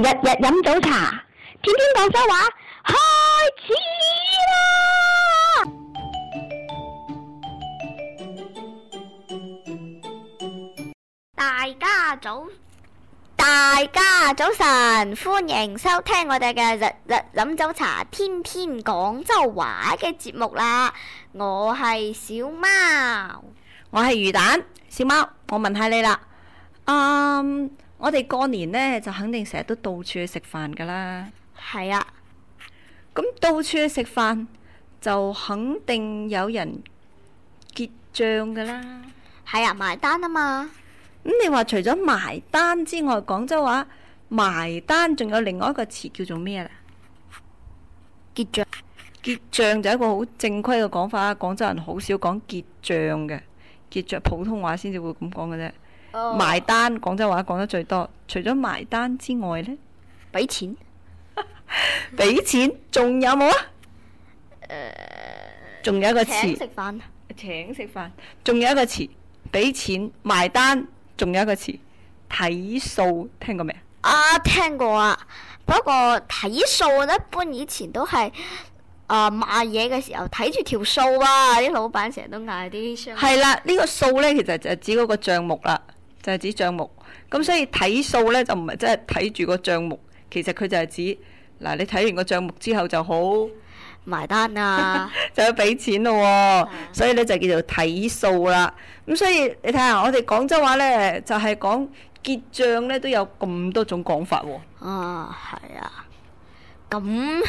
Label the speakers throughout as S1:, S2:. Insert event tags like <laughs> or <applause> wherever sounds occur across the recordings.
S1: 日日飲早茶，天天廣州話，開始啦！大家早，大家早晨，歡迎收聽我哋嘅日日飲早茶，天天廣州話嘅節目啦！我係小貓，我係魚蛋，小貓，我問下你啦，嗯、um。我哋過年呢，就肯定成日都到處去食飯噶啦，係啊，咁到處去食飯就肯定有人結賬噶啦，係啊，埋單啊嘛。咁、嗯、你話除咗埋單之外，廣州話埋單仲有另外一個詞叫做咩呢？結賬，結賬就係一個好正規嘅講法啦。廣州人好少講結賬嘅，結賬普通話先至會咁講嘅啫。Oh. 埋單，廣州話講得最多。除咗埋單之外呢，俾錢，俾 <laughs> 錢，仲有冇啊？仲、呃、有一個詞，請食飯，請食飯。仲有一個詞，俾錢埋單，仲有一個詞，睇數，聽過未啊？啊，聽過啊。不過睇數一般以前都係誒買嘢嘅時候睇住條數啊，啲老闆成日都嗌啲商係啦，呢、這個數呢，其實就指嗰個賬目啦。就係指帳目，咁所以睇數呢，就唔係真係睇住個帳目，其實佢就係指嗱，你睇完個帳目之後就好埋單啊， <laughs> 就要俾錢咯喎、哦，的所以呢，就叫做睇數啦。咁所以你睇下我哋廣州話呢，就係、是、講結帳呢都有咁多種講法喎、哦。啊，係啊，咁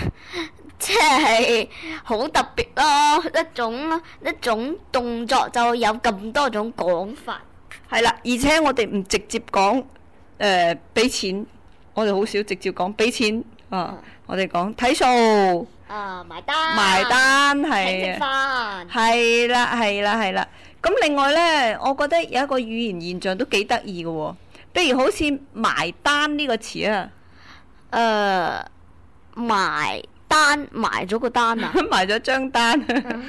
S1: 即係好特別咯，一種一種動作就有咁多種講法。係啦，而且我哋唔直接講誒，俾、呃、錢，我哋好少直接講俾錢啊，啊我哋講睇數啊，埋單埋單係啊，係啦係啦係啦，咁另外呢，我覺得有一個語言現象都幾得意嘅喎，譬如好似埋單呢、這個詞啊，誒、呃、埋。單埋咗個單啊！ <laughs> 埋咗張單，咁啊、嗯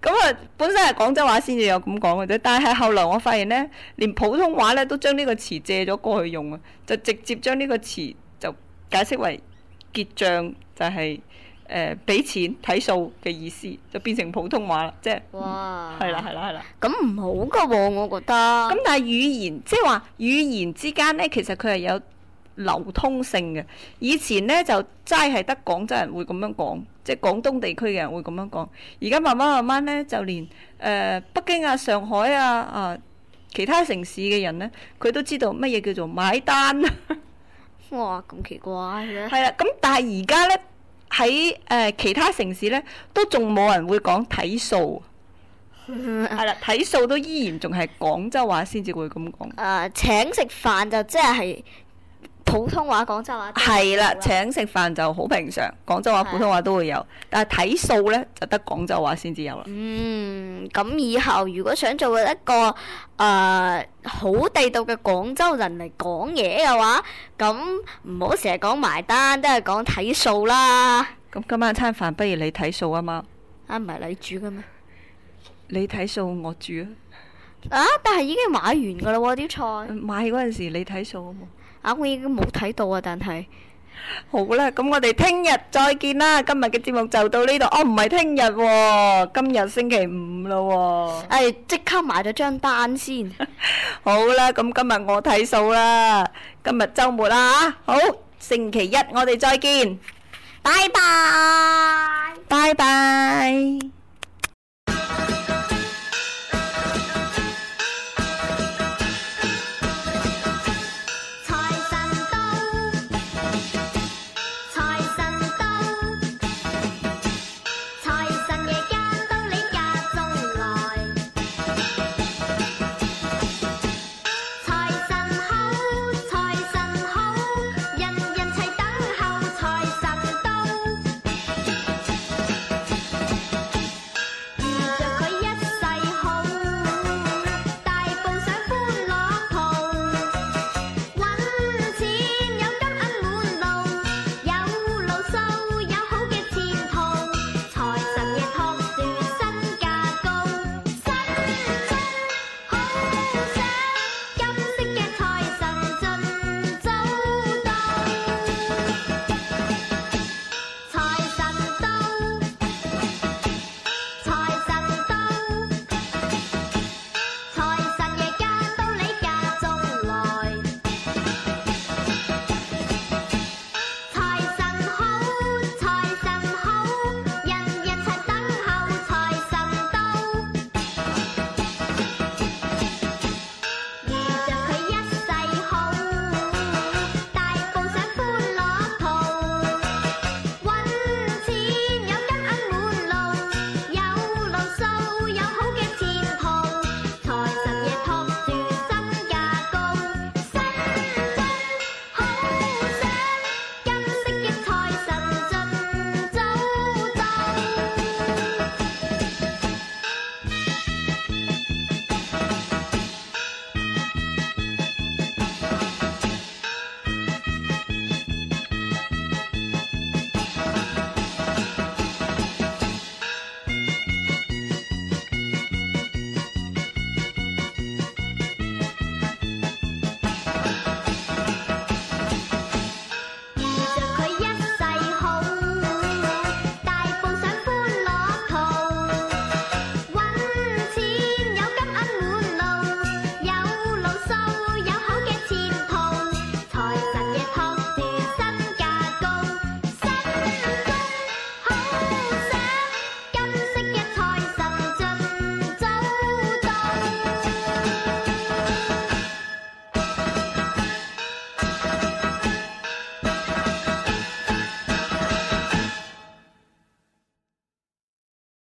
S1: <laughs> 嗯，本身係廣州話先至有咁講嘅啫。但係後來我發現呢，連普通話呢都將呢個詞借咗過去用啊，就直接將呢個詞就解釋為結賬就係誒俾錢睇數嘅意思，就變成普通話、即係哇嗯、啦，即係。哇！係啦，係啦，係啦。咁唔好噶喎、啊，我覺得。咁 <laughs> 但係語言，即係話語言之間呢，其實佢係有。流通性嘅，以前呢，就齋係得廣州人會咁樣講，即係廣東地區嘅人會咁樣講。而家慢慢慢慢呢，就連誒、呃、北京啊、上海啊、啊、呃、其他城市嘅人呢，佢都知道乜嘢叫做買單。 <laughs> 哇，咁奇怪嘅、啊。係啦，咁但係而家呢，喺誒、呃、其他城市呢，都仲冇人會講睇數。係啦，睇 <laughs> 數都依然仲係廣州話先至會咁講。誒、呃、請食飯就即係。普通話、廣州話係啦。請食飯就好平常，廣州話、普通話都會有，的但係睇數呢就得廣州話先至有啦。嗯，咁以後如果想做一個誒、呃、好地道嘅廣州人嚟講嘢嘅話，咁唔好成日講埋單，都係講睇數啦。咁、嗯、今晚餐飯不如你睇數啊嘛？啊，唔係你煮嘅嘛？你睇數，我煮啊。啊！但係已經買完嘅啦喎，啲菜。買嗰陣時，你睇數啊嘛？啊！我依家冇睇到啊，但係好啦，咁我哋聽日再見啦。今日嘅節目就到呢度。哦，唔係聽日喎，今日星期五啦喎，啊。哎，即刻埋咗張單先。 <laughs> 好啦，咁今日我睇數啦。今日周末啦，啊，好，星期一我哋再見，拜拜。